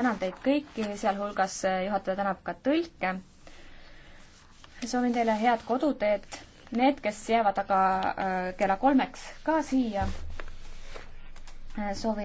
tänan teid kõiki, sealhulgas äh, juhataja tänab ka tõlke. soovin teile head koduteed. Need, kes jäävad aga äh, kella kolmeks ka siia, äh, soovin